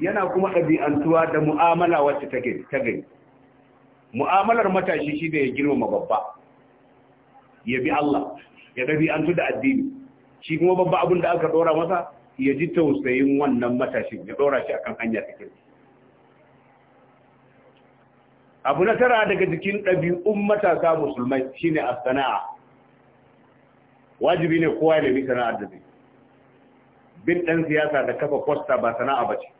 yana kuma ɗabi'antuwa da mu'amala wacce take ta gani. mu'amalar matashi shi da ya girmama babba ya bi Allah ya ɗabi'antu da addini shi kuma babba abin da aka ɗora masa ya ji tausayin wannan matashin ya ɗora shi akan hanya ta kirki abu na tara daga jikin ɗabi'un matasa musulmai shine a sana'a wajibi ne kowa ya nemi sana'ar da zai bin ɗan siyasa da kafa kwasta ba sana'a ba ce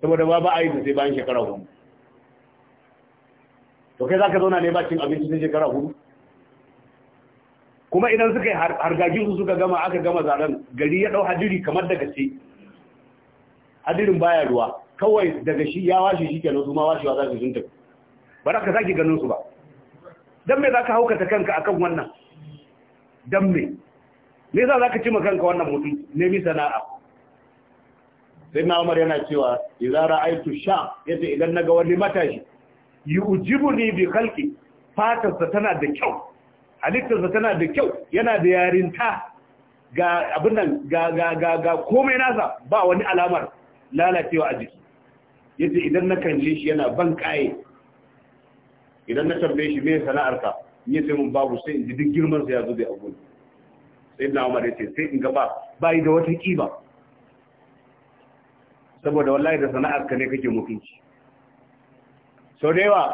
saboda ba ba a yi sai bayan shekara hudu to kai za ka zauna ne bakin abinci sai shekara hudu kuma idan suka yi hargagin su suka gama aka gama zaren gari ya ɗau hadiri kamar daga ce hadirin baya ruwa kawai daga shi ya washe shi kenan su ma washewa za su zunta tafi ba za ka sake ganin su ba Dan me za ka haukata kanka akan wannan Dan me me yasa za ka ci kanka wannan mutum nemi sana'a sai na umar yana cewa idan ra'aitu sha yace idan naga wani matashi ni bi khalqi fatarsa tana da kyau halittarsa tana da kyau yana da yarinta ga abin nan ga ga ga ga komai nasa ba wani alamar lalacewa a jiki yace idan na kalle shi yana ban kaye idan na tambaye shi me sana'arka ni sai mun babu sai in ji duk girman sa ya zo da abu sai na umar yace sai in ga ba bai da wata kiba saboda wallahi da sana'ar ka ne kake mutunci sau da yawa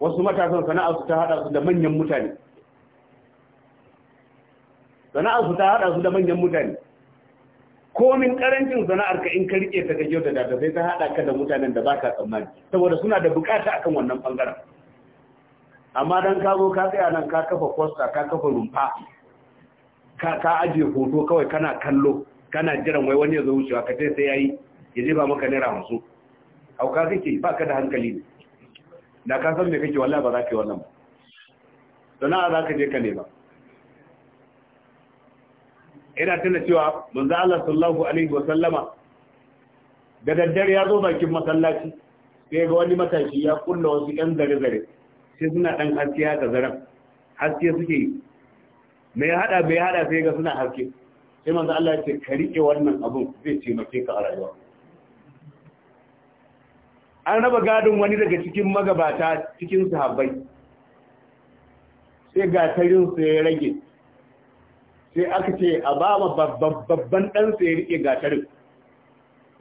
wasu matasan sana'ar su ta hada su da manyan mutane sana'ar su ta hada su da manyan mutane komin karancin sana'ar ka in ka rike ta gaje da data sai ta hada ka da mutanen da baka tsammani saboda suna da bukata akan wannan bangaren amma dan ka zo ka tsaya nan ka kafa poster ka kafa rumfa ka ka aje hoto kawai kana kallo kana jiran wai wani ya zo wucewa ka sai yayi ya jefa maka naira hamsin hauka kake ba ka da hankali ne da ka san me kake wallahi ba za ka yi wannan ba sana'a za ka je ka nema ina tuna cewa manzo Allah sallallahu alaihi wa sallama da daddare ya zo bakin masallaci sai ga wani matashi ya kulla wasu ɗan zare-zare sai suna ɗan haske haka zaren haske suke yi mai haɗa mai haɗa sai ga suna haske sai manzo Allah ya ce ka rike wannan abun zai taimake ka a rayuwa an raba gadon wani daga cikin magabata cikin sahabbai sai tarin su ya rage sai aka ce a ba ma babban dan sa ya rike gatarin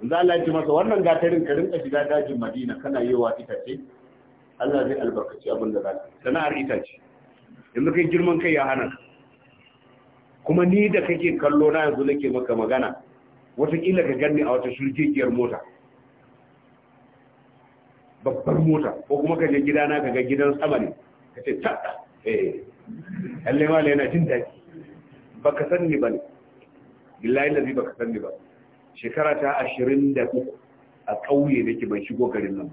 manzo Allah ya ce masa wannan gatarin ka rinka shiga dajin Madina kana yewa itace Allah zai albarkaci abin da zaka sana'ar itace yanzu kai girman kai ya hana ka kuma ni da kake kallo na yanzu nake maka magana watakila ka ganni a wata shirkekiyar mota babbar mota ko kuma ka je gidana ka ga gidan sama ne ka ce ta eh alle ma yana jin daɗi baka sanni ba ne billahi lazi baka sanni ba shekara ta ashirin da uku a ƙauye nake ban shigo garin nan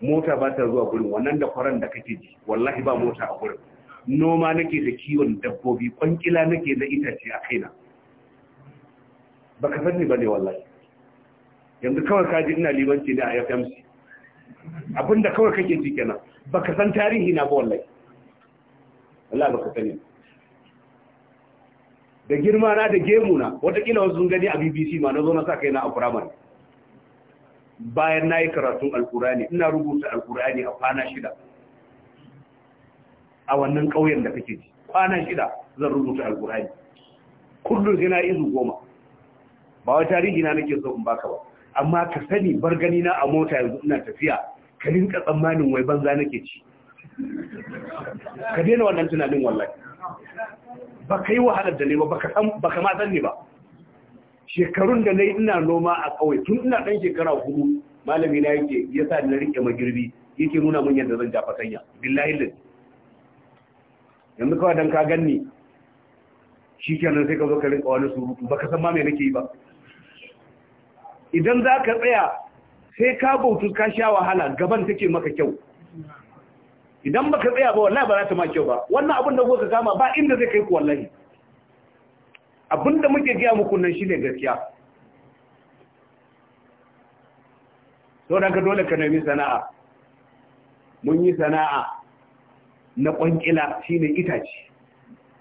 mota ba ta zuwa gurin wannan da kwaran da kake ji wallahi ba mota a gurin noma nake da kiwon dabbobi kwankila nake da itace a kaina baka sani bane wallahi yanzu kawai ka ji ina libanci ne a FMC abinda kawai kake ji kenan baka san tarihi na ba wallahi wallahi baka sani da girma na da gemu na kila wasu sun gani a BBC ma na zo na sa kaina a firamare bayan na yi karatun alkurani ina rubuta alkurani a kwana shida a wannan ƙauyen da kake ji kwana shida zan rubuta alkurani kullum sai na izu goma ba wa tarihi na nake so in baka ba amma ka sani bar gani na a mota yanzu ina tafiya ka rinka tsammanin wai banza nake ci ka daina wannan tunanin wallahi ba ka yi wahalar da ne ba ba ka ma san ne ba shekarun da na ina noma a ƙauye tun ina ɗan shekara hudu malami na yake ya sa na rike magirbi yake nuna mun yadda zan ja fatanya billahi lillahi yanzu kawai dan ka ganni shi kenan sai ka zo ka rinka wani surutu ka san ma me nake yi ba idan za ka tsaya sai ka bautu ka sha wahala gaban take maka kyau idan ba ka tsaya ba wallahi ba za ta ma kyau ba wannan abin da ka kama ba inda zai kai ku wallahi abin da muke gaya muku nan shi ne gaskiya sau da ka dole ka nemi sana'a mun yi sana'a na ƙwanƙila shi ne itace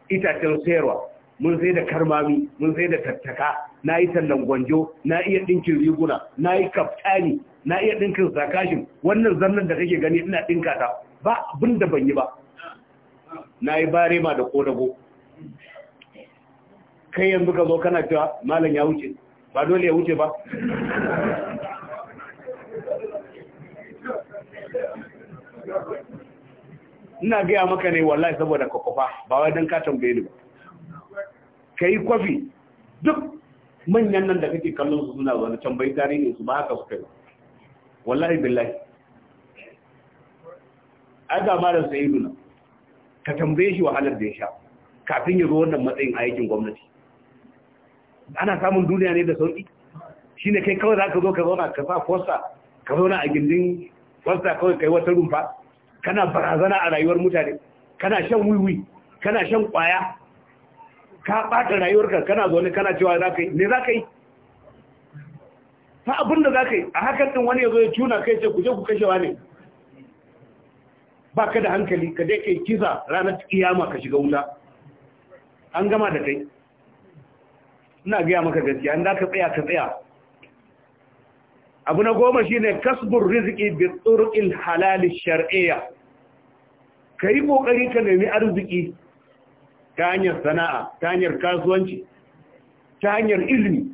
itacen sayarwa mun sai da karmami mun sai da tattaka na yi tallan gwanjo na iya ɗinkin riguna na yi kaftani na iya ɗinkin sakashin wannan zannan da kake gani ina ɗinka ta ba abin da ban yi ba na yi barema da ƙodago kai yanzu ka zo kana cewa malam ya wuce ba dole ya wuce ba ina gaya maka ne wallahi saboda kwakwafa ba wai don ka tambaye ni ba ka yi kwafi duk manyan nan da kake kallon su suna bai tambayi tarihin su ba haka suka yi wallahi billahi aga da sayidu na ka tambaye shi wahalar da ya sha kafin ya zo wannan matsayin aikin gwamnati ana samun duniya ne da sauki shine kai kawai za ka zo ka zauna ka sa fosta ka zauna a gindin fosta kawai kai wata rumfa kana barazana a rayuwar mutane kana shan wiwi kana shan kwaya ka ɓata rayuwarka kana zaune kana cewa za ka yi ne za ka yi ta abinda za ka yi a hakan ɗin wani ya zo ya cuna kai ce ku je ku kashewa ne ba ka da hankali ka dai kai kisa ranar kiyama ka shiga wuta an gama da kai ina gaya maka gaskiya an da ka tsaya ka tsaya abu na goma shine kasbur Riziki bi turuqil halal shar'iyya kai kokari ka nemi arziki ta hanyar sana'a ta hanyar kasuwanci ta hanyar ilimi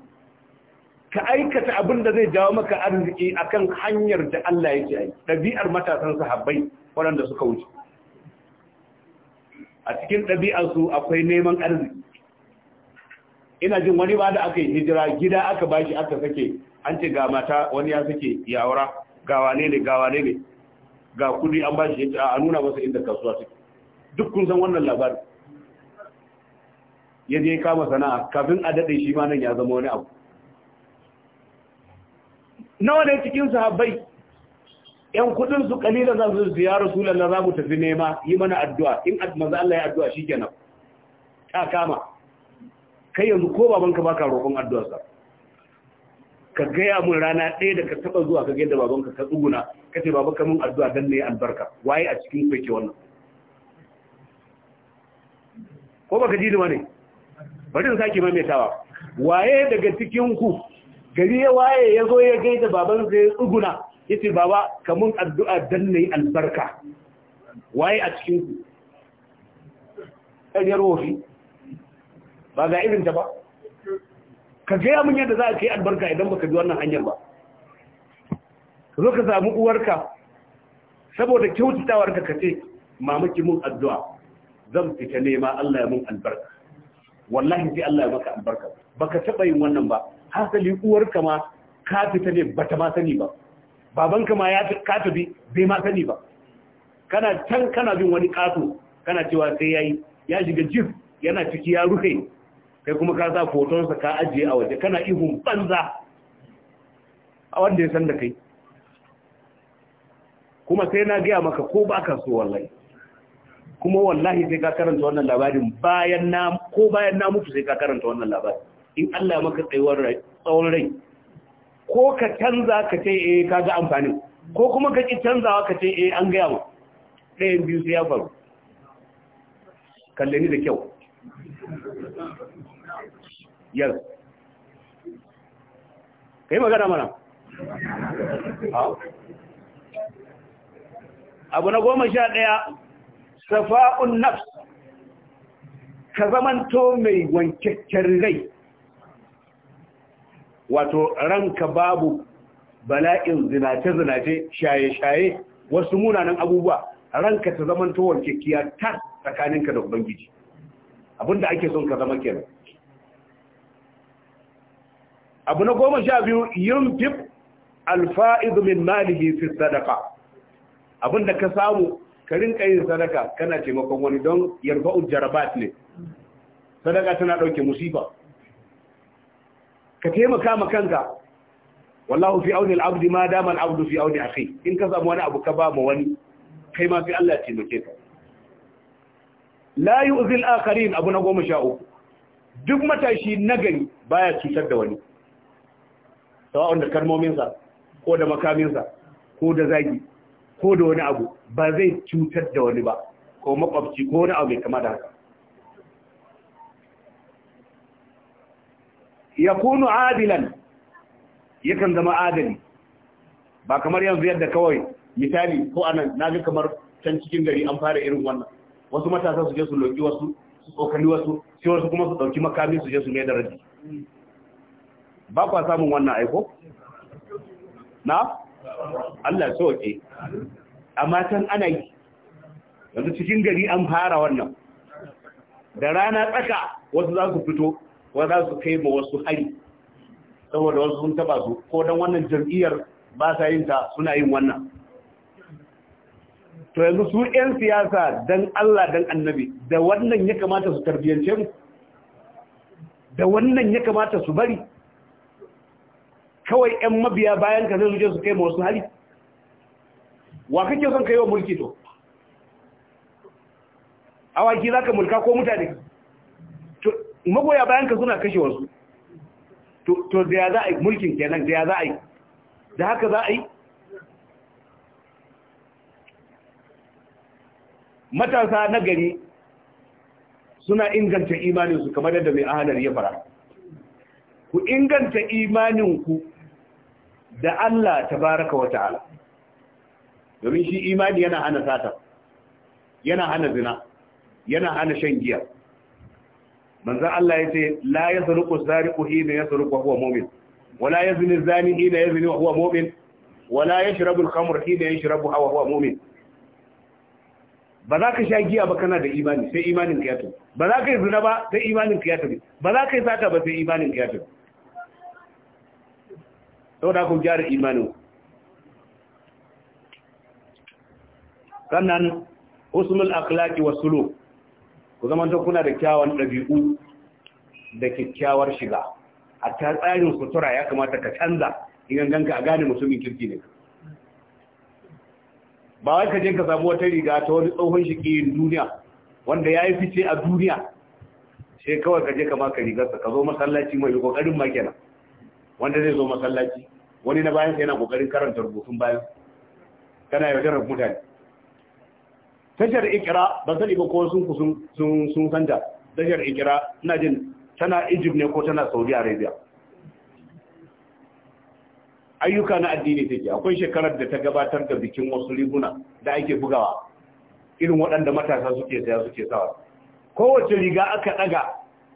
ka aikata abin da zai jawo maka arziki akan hanyar da Allah ya ce yi. dabi'ar matasan sahabbai waɗanda suka wuce a cikin ɗabi'arsu akwai neman arziki ina jin wani ba da aka yi hijira gida aka bashi aka sake an ce ga mata wani ya sake ya aura ga wane ne ga wane ne ga kudi an bashi yace a nuna masa inda kasuwa take duk kun san wannan labarin ya je kama sana'a kafin a dade shi ma nan ya zama wani abu nawa ne cikin sahabbai yan kudin su kalila za su ziyara sulan za mu tafi nema yi mana addu'a in manzo Allah ya addu'a shikenan ta kama kai yanzu ko babanka baka roƙon sa ka gaya mun rana ɗaya da ka taɓa zuwa ka da babanka ka tsuguna ka ce babanka mun addu'a dan ne albarka waye a cikin ku yake wannan ko baka ji ne bari in sake maimaitawa waye daga cikin ku gari ya waye ya zo ya da babansa ya tsuguna ya ce baba ka mun addu'a dan ne albarka waye a cikin ku ɗanyar wofi ba ga irin ta ba ka gaya mun yadda za a kai albarka idan baka bi wannan hanyar ba ka zo ka samu uwarka saboda kyautatawar ka ce, mamaki mun addu'a zan fita nema Allah ya mun albarka wallahi sai Allah ya maka albarka baka taba yin wannan ba hasali uwarka ma ka fita ne bata ma sani ba babanka ma ya ka tafi bai ma sani ba kana can kana bin wani kato kana cewa sai yayi ya shiga jif yana ciki ya rufe kai kuma ka sa fotonsa ka ajiye a waje kana ihun banza a wanda ya san da kai kuma sai na gaya maka ko ba ka so wallahi kuma wallahi sai ka karanta wannan labarin bayan na ko bayan na mutu sai ka karanta wannan labarin in Allah maka tsayuwar rai tsawon rai ko ka canza ka ce eh ka ga amfanin ko kuma ka ki canzawa ka ce eh an gaya ma ɗayan biyu sai ya faru kalle ni da kyau Ka yi magana mana abu na goma sha ɗaya safa'un nafs ka zamanto mai wankakken rai wato ranka babu bala'in zinace-zinace shaye-shaye wasu munanan abubuwa ranka ta zamanto wankakkiya ta tsakaninka da ubangiji abinda ake son ka zama kenan abu na goma sha biyu yin fif alfa'idu min malihi fi sadaka Abin da ka samu ka rinka yin sadaka kana taimakon wani don yarfa'ul jarabat ne sadaka tana ɗauke musifa ka taimaka ma kanka wallahu fi auni al'abdi ma dama al'abdu fi auni a in ka samu wani abu ka ba ma wani kai ma fi Allah taimake ka la yu'zil akharin abu na goma sha uku duk matashi nagari baya cutar da wani sawa'un da kalmominsa ko da makaminsa ko da zagi ko da wani abu ba zai cutar da wani ba ko makwabci ko wani abu mai kama da haka ya kunu adilan yakan zama adali ba kamar yanzu yadda kawai misali ko anan na ji kamar can cikin gari an fara irin wannan wasu matasa su je su loki wasu su tsokani wasu sai wasu kuma su ɗauki makamin su je su mai da raji ba kwa samun wannan aiko na Allah ke. amma can ana yi yanzu cikin gari an fara wannan da rana tsaka wasu za su fito wasu za su kai ma wasu hari saboda wasu sun taba su ko don wannan jam'iyyar ba sa yin ta suna yin wannan to yanzu su 'yan siyasa don Allah don annabi da wannan ya kamata su tarbiyance mu da wannan ya kamata su bari kawai ‘yan mabiya bayan ka zai zuje su kai ma hali wa kake son kai wa mulki to awaki za ka mulka ko mutane to magoya bayan ka suna kashe wasu to da ya za a yi mulkin kenan da ya za a yi da haka za a yi matasa na gari suna inganta imaninsu kamar yadda mai ahanar ya fara ku inganta imaninku da Allah tabaraka wa ta'ala domin shi imani yana hana sata yana hana zina yana hana shan giya Manzan Allah ya ce, la ya zari ku hina ya yasruqu wa huwa mu'min wala zini zani hina ya zini wa huwa mu'min wala shi al Kamar hina ya yashrabu hawa huwa mu'min ba za ka sha giya ba kana da imani sai imanin ka ya tafi ba za ka yi zina ba sai imanin ka ya tafi ba za ka yi sata ba sai imanin ka ya tafi da ku gyara imanu. kannan usmul akhlaqi wa sulu ku zama to kuna da kyawun dabi'u da kyakkyawar shiga a ta tsarin sutura ya kamata ka canza idan ganka a gane mutumin kirki ne ba wai ka je ka samu wata riga ta wani tsohon shigiyin duniya wanda yayi fice a duniya sai kawai ka je ka maka rigarsa ka zo masallaci mai kokarin ma kenan wanda zai zo masallaci wani na bayan yana kokarin karanta rubutun bayan kana da mutane tashar ikira ba sani ba ko sun sun sun santa tashar ikira ina jin tana Egypt ne ko tana Saudi Arabia ayyuka na addini take akwai shekarar da ta gabatar da bikin wasu riguna da ake bugawa irin waɗanda matasa suke saya suke sawa kowace riga aka ɗaga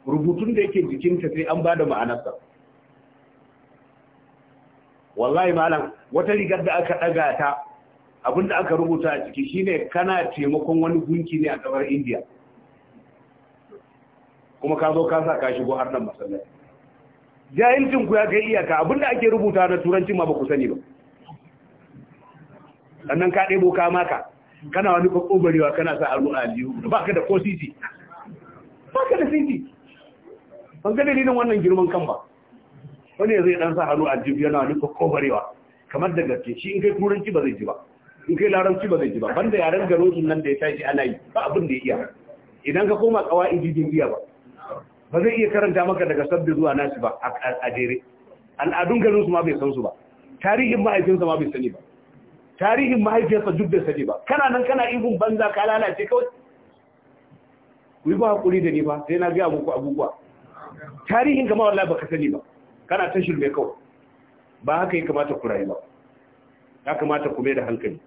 rubutun da yake jikinta sai an ba da ma'anarsa wallahi malam wata rigar da aka daga ta abinda aka rubuta a ciki shine kana taimakon wani gunki ne a kasar India kuma ka zo ka sa ka shigo har nan masallaci jahilcin ku ya kai iyaka abinda ake rubuta na turanci ma ba ku sani ba sannan ka ɗebo ka maka kana wani kokobarewa kana sa aro a aljihu ba ka da ko siti ba ka da siti ban ga dalilin wannan girman kan ba wani zai dan sa hannu a jibi yana ko kofarewa kamar da gaske shi in kai turanci ba zai ji ba in kai larabci ba zai ji ba banda yaren din nan da ya tashi ana yi ba abin da ya iya idan ka koma kawa in jin iya ba ba zai iya karanta maka daga sabbi zuwa nasi ba a jere al'adun garin su ma bai san su ba tarihin mahaifinsa ma bai sani ba tarihin mahaifiyarsa duk bai sani ba kana nan kana ihun banza ka lalace kawai ku yi ba hakuri da ni ba sai na gaya muku abubuwa tarihin kama wallahi baka sani ba kana ta shirme kawai ba haka ya kamata ku rayu ba ya kamata ku mai da hankali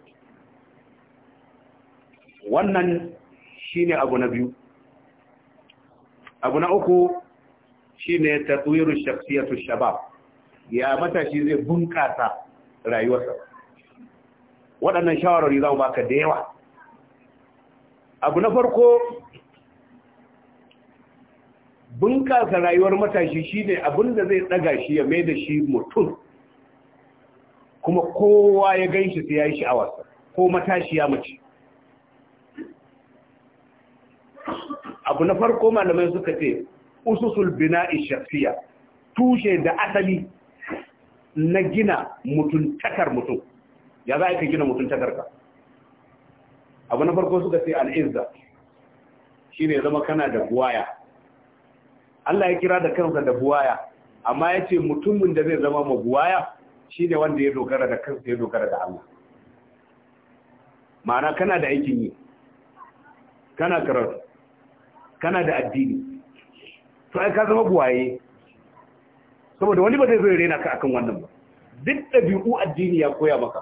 wannan shi ne abu na biyu abu na uku shi ne shine tatwiru shakhsiyatu shabab ya matashi zai bunkasa rayuwarsa waɗannan shawarar yi za mu baka da yawa abu na farko bunƙasa rayuwar matashi shi ne abin da zai ɗaga shi ya mai da shi mutum kuma kowa ya gan shi sai ya yi sha'awarsa ko matashi ya mace abu na farko malamai suka ce ususul bina ishafiya tushe da asali na gina mutuntakar mutum ya za a yi gina mutuntakar ka abu na farko suka ce al'izza shi ne zama kana da guwaya Allah ya kira da kansa da buwaya amma ya ce mutumin da zai zama mabuwaya shi ne wanda ya dogara da kansa ya dogara da Allah ma'ana kana da aikin yi kana karatu kana da addini to ai ka zama buwaye saboda wani ba zai zo ya rena ka akan wannan ba duk ɗabi'u addini ya koya maka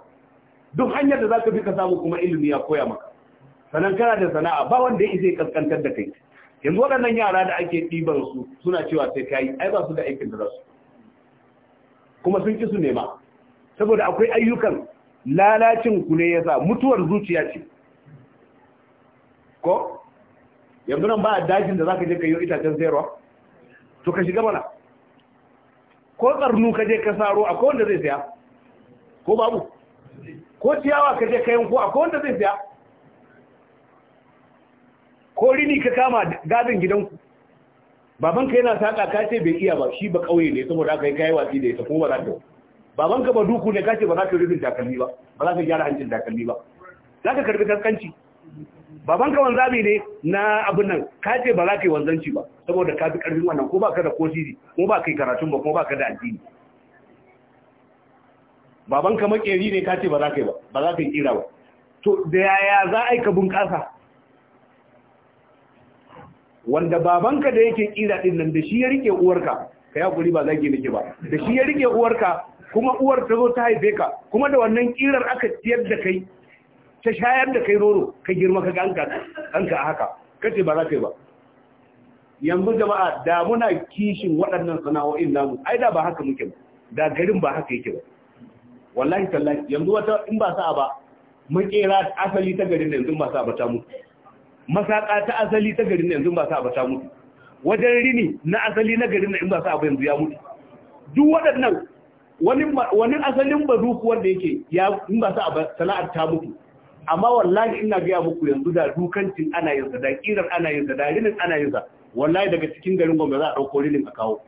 duk hanyar da za ka fi ka samu kuma ilimi ya koya maka sannan kana da sana'a ba wanda ya isa kaskantar da kai yanzu waɗannan yara da ake ɗiban su suna cewa sai kayi ai ba su da aikin da za su kuma sun ki su nema saboda akwai ayyukan lalacin ku ne yasa mutuwar zuciya ce ko yanzu nan ba a dajin da zaka je ka yi itacen sayarwa to ka shiga mana ko tsarnu ka je ka saro akwai wanda zai saya ko babu ko ciyawa ka je ka yanko akwai wanda zai saya ko rini ka kama gadin gidanku babanka yana saƙa ka ce bai iya ba shi ba ƙauye ne saboda aka yi wasi da ita ko ba za ta babanka ba duku ne ka ce ba za ka rufin takalmi ba ba za ka gyara hancin takalmi ba za ka karbi kaskanci babanka wanzami ne na abin nan ka ce ba za ka yi wanzanci ba saboda ka fi ƙarfin wannan ko ba ka da kosiri ko ba ka yi karatun ba ko ba ka da addini babanka makeri ne ka ce ba za ka yi ba ba za ka yi kira ba to da yaya za a yi ka bunƙasa wanda babanka da yake kira din nan da shi ya rike uwarka ka ya guri ba zagi miki ba da shi ya rike uwarka kuma uwar ta zo ta haife ka kuma da wannan kirar aka tiyar da kai ta shayar da kai roro ka girma ka ganka ganka haka kace ba za ka yi ba yanzu jama'a da muna kishin waɗannan sana'o'in namu ai da ba haka muke ba da garin ba haka yake ba wallahi tallahi yanzu wata in ba sa'a ba makera asali ta garin da yanzu ba sa'a ba ta mutu masaka ta asali ta garin yanzu ba sa ba ta mutu wajen rini na asali na garin in ba sa ba yanzu ya mutu duk waɗannan wani asalin bazuku wanda yake ya in ba sa ba sana'ar ta mutu amma wallahi ina gaya muku yanzu da dukancin ana yin da kirar ana yin da rinin ana yin wallahi daga cikin garin gwamnati za a ɗauko rinin a kawo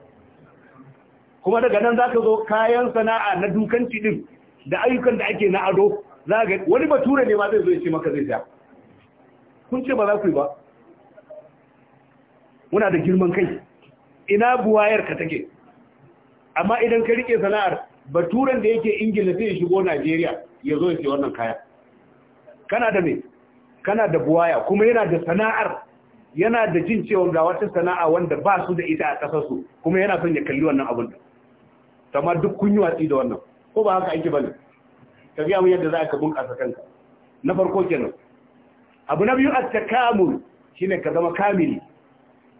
kuma daga nan za ka zo kayan sana'a na dukanci din da ayyukan da ake na ado za ga wani bature ne ma zai zo ya ce maka zai siya kun ce ba za ku yi ba muna da girman kai ina buwayar ka take amma idan ka rike sana'ar baturan da yake ingila zai shigo najeriya ya zo ya ce wannan kaya kana da me kana da buwaya kuma yana da sana'ar yana da jin cewa ga wata sana'a wanda ba su da ita a su, kuma yana son ya kalli wannan abin da sama duk kun yi watsi da wannan ko ba haka ake bane ka biya mu yadda za ka bunƙasa kanka na farko kenan abu na biyu a at shi shine ka zama kamili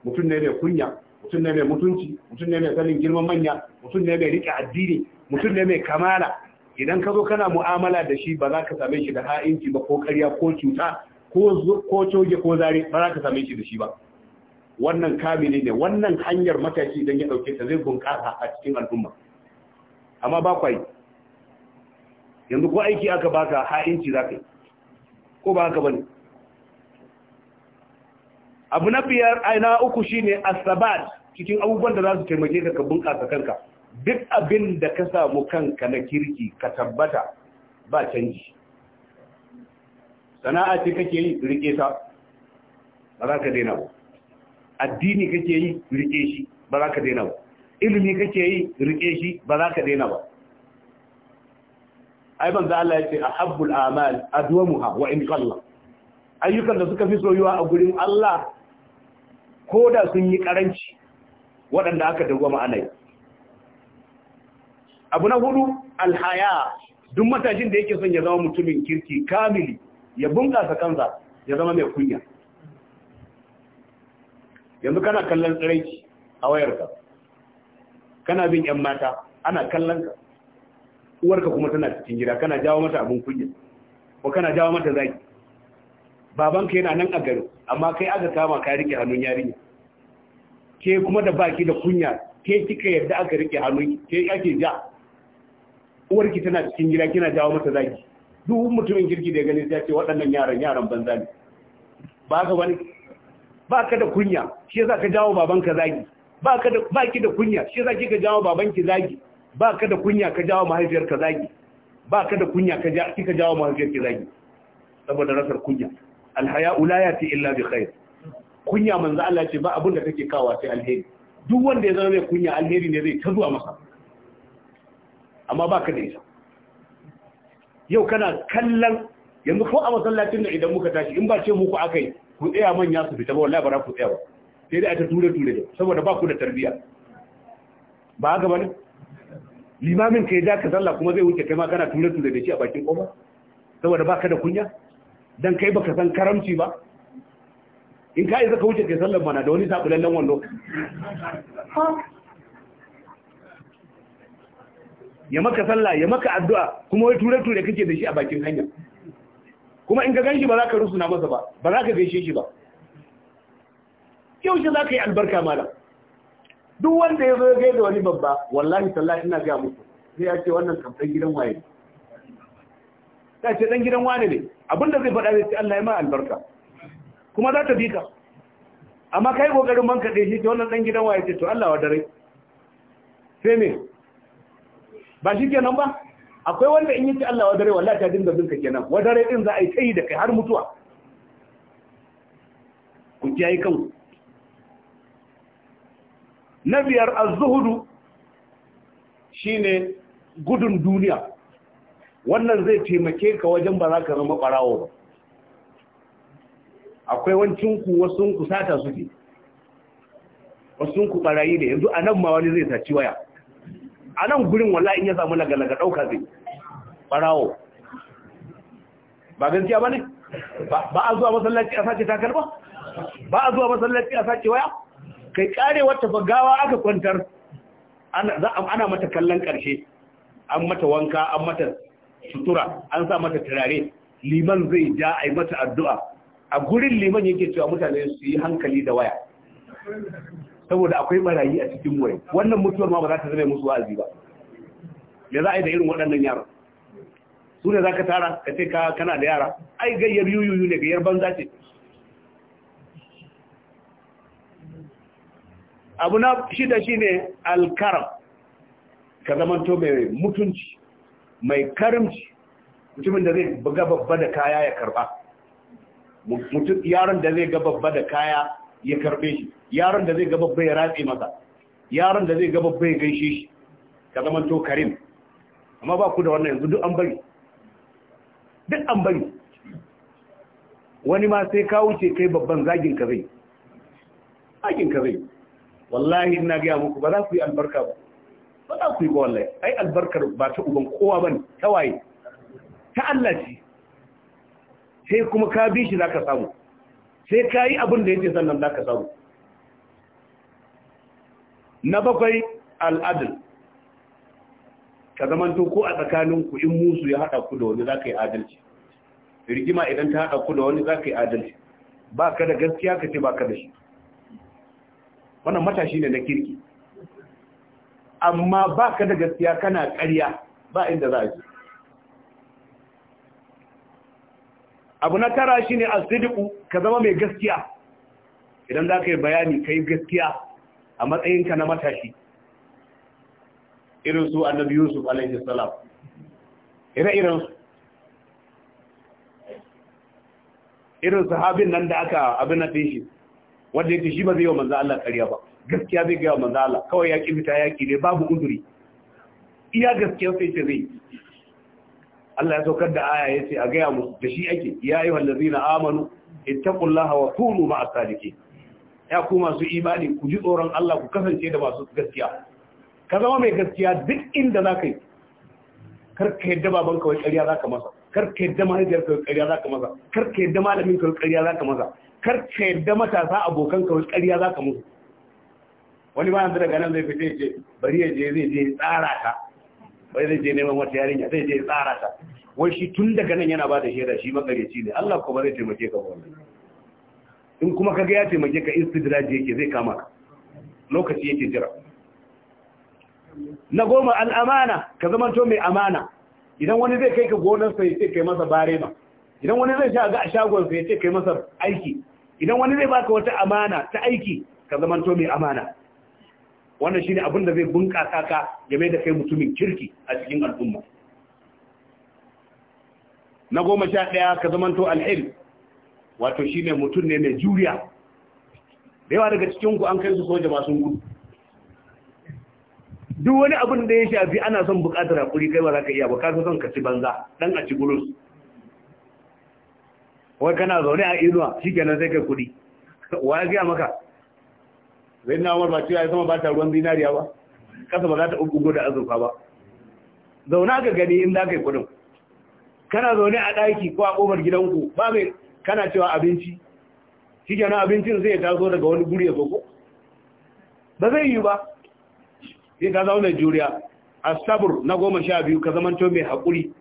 mutum ne mai kunya mutum ne mai mutunci mutum ne mai sanin girman manya mutum ne mai rike addini mutum ne mai kamala idan ka zo kana mu'amala da shi ba za ka same shi da ha'inci ba ko karya ko cuta ko coge ko zare ba za ka same shi da shi ba wannan kamili ne wannan hanyar matashi idan ya dauke ta zai bunƙasa a cikin al'umma amma ba kwai yanzu ko aiki aka baka ha'inci za ka yi ko ba haka bane abu na biyar aina uku shine asabat cikin abubuwan da za su taimake ka bunƙasa kanka duk abin da ka samu kanka na kirki ka tabbata ba canji sana'a ce kake yi rike ta ba za ka daina ba addini kake yi rike shi ba za ka daina ba ilimi kake yi rike shi ba za ka daina ba ai za Allah a ahabbul amal adwamuha wa in qalla ayyukan da suka fi soyuwa a gurin Allah ko da sun yi karanci waɗanda aka dawo ma'anai, abu na hudu alhaya duk matashin da yake son ya zama mutumin kirki kamili ya bunƙasa kansa ya zama mai kunya yanzu kana kallon tsiraici a wayarka kana bin 'yan mata ana kallon ka uwarka kuma tana cikin gida kana jawo mata abin kunya ko kana jawo mata zaki babanka yana nan a garin amma kai aka kama ka rike hannun yarinya ke kuma da baki da kunya ke kika yadda aka rike hannun ke ake ja uwarki tana cikin gida kina jawo mata zaki duk mutumin kirki da gani ya ce waɗannan yaran yaran banza ne ba ka wani ba ka da kunya shi yasa ka jawo babanka zagi ba ka da baki da kunya shi yasa kika jawo babanki zagi ba ka da kunya ka jawo mahaifiyarka zagi ba ka da kunya ka kika jawo mahaifiyarki zagi saboda rasar kunya Alhaya la yati illa bi khair kunya manzo Allah ce ba abin da take kawa sai alheri duk wanda ya zama mai kunya alheri ne zai ta zuwa masa amma ba ka da ita. yau kana kallon yanzu ko a masallacin da idan muka tashi in ba ce muku akai ku tsaya manya su fita ba wallahi ba za ku tsaya ba sai dai a ta ture da saboda ba ku da tarbiyya ba ga bane limamin ka ya ja ka sallah kuma zai wuce kai ma kana ture ture da shi a bakin kofa saboda baka da kunya dan kai baka san karamci ba in ka isa ka wuce kai sallar mana da wani lallan wando ya maka sallah ya maka addu'a kuma wai ture-ture kake da shi a bakin hanya kuma in ka ganshi ba za ka rusuna masa ba ba za ka gaishe shi ba shi za ka yi albarka mala duk wanda ya zo ya gaida wani babba wallahi sallah ina ga muku sai ya ce wannan kamfan gidan waye ta ce dan gidan wane ne abinda zai faɗa zai ce Allah ya ma albarka kuma za ta bi ka amma kai kokarin banka kaɗe shi ta wannan dan gidan waye ce to Allah wa dare sai me ba shi kenan ba akwai wanda in yi ce Allah wa dare wallahi ta dinga binka kenan wa dare din za a yi kai da kai har mutuwa ku kiyaye kanku na biyar az zuhud shine gudun duniya wannan zai taimake ka wajen ba za ka zama ɓarawo ba akwai wancinku wasunku sata suke wasunku ɓarayi da yanzu a nan ma wani zai saci waya a nan gurin wala in ya samu lagalaga ɗauka zai ɓarawo ba ganciya ba ne ba a zuwa masallaci a sace takar ba ba a zuwa masallaci a sace waya kai kare wata fagawa aka kwantar ana mata kallon ƙarshe an mata wanka an mata sutura an sa mata turare liman zai ja a yi mata addu'a a gurin liman yake cewa mutane su yi hankali da waya saboda akwai barayi a cikin waya wannan mutuwar ma ba za ta zama musu wa'azi ba me za a yi da irin waɗannan yaran su ne za ka tara ka ce ka kana da yara ai gayyar yuyuyu ne gayyar banza ce abu na shida shi ne alkaram ka zamanto mai mutunci mai karimci mutumin da zai ga babba da kaya ya karba mutum yaron da zai ga babba da kaya ya karbe shi yaron da zai ga babba ya ratse masa yaron da zai ga babba ya gaishe shi ka zama to karim amma ba ku da wannan yanzu duk an bari duk an bari wani ma sai ka wuce kai babban zagin ka zai zagin ka zai wallahi ina ga muku ba za ku yi albarka ba ba za ku yi ba wallahi ai albarkar ba ta uban kowa bane ta waye ta Allah ce sai kuma ka bi shi zaka samu sai ka abin da yake sannan zaka samu na bakwai al'adil ka zamanto ko a tsakanin ku in musu ya haɗa ku da wani zaka yi adalci rigima idan ta haɗa ku da wani zaka yi adalci ba ka da gaskiya ka ce ba ka da shi wannan matashi ne na kirki amma ba ka da gaskiya kana ƙarya ba inda za a ji abu na tara shi ne asidiku ka zama mai gaskiya idan za ka yi bayani ka yi gaskiya a matsayinka na matashi irin su annabi yusuf alaihi salam ire-iren su irin sahabin nan da aka abin na shi wanda yake shi ba zai yi wa manzan Allah ƙarya ba gaskiya zai gaya manzo Allah kawai yaki fita yaki ne babu uzuri iya gaskiya sai ce zai Allah ya saukar da aya ya ce a gaya musu da shi ake ya yi wallazi na amanu ittaqullaha wa kunu ma'as sadiqin ya ku masu imani ku ji tsoron Allah ku kasance da masu gaskiya ka zama mai gaskiya duk inda za ka yi kar ka yadda baban kawai ƙarya za ka masa kar ka yadda mahaifiyar kawai ƙarya za ka masa kar ka yadda malamin kawai ƙarya za ka masa kar ka yadda matasa abokan kawai ƙarya za ka musu wani ba yanzu daga nan zai fice ce bari ya je zai je tsara ta bai zai je neman wata yarinya zai je tsara ta wai shi tun daga nan yana ba da shaida shi makareci ne Allah kuma zai taimake ka wannan in kuma kaga ya taimake ka istidraj yake zai kama ka lokaci yake jira na goma al'amana ka zama to mai amana idan wani zai kai ka gonarsa ya ce kai masa barema idan wani zai shaga a shagon ya ce kai masa aiki idan wani zai baka wata amana ta aiki ka zama to mai amana wannan shine abin da zai bunƙasa ka game da kai mutumin kirki a cikin al'umma na goma sha ɗaya ka zamanto alhil wato shine mutum ne mai juriya da yawa daga cikin ku an kai su soja masu gudu duk wani abin da ya shafi ana son buƙatar hakuri kai ba za ka iya ba ka son ka banza dan a ci gurus wai kana zaune a inuwa shi kenan sai kai kuɗi wa ya gaya maka zai na umar ba cewa ya sama ba ta ruwan zinariya ba kasa ba za ta ugugo da azurfa ba zauna ka gani in za ka yi kudin kana zaune a ɗaki ko a ƙofar gidanku ba mai kana cewa abinci shi kenan abincin zai taso daga wani guri ya zoko ba zai yi ba sai ka zaune juriya a sabur na goma sha biyu ka zamanto mai haƙuri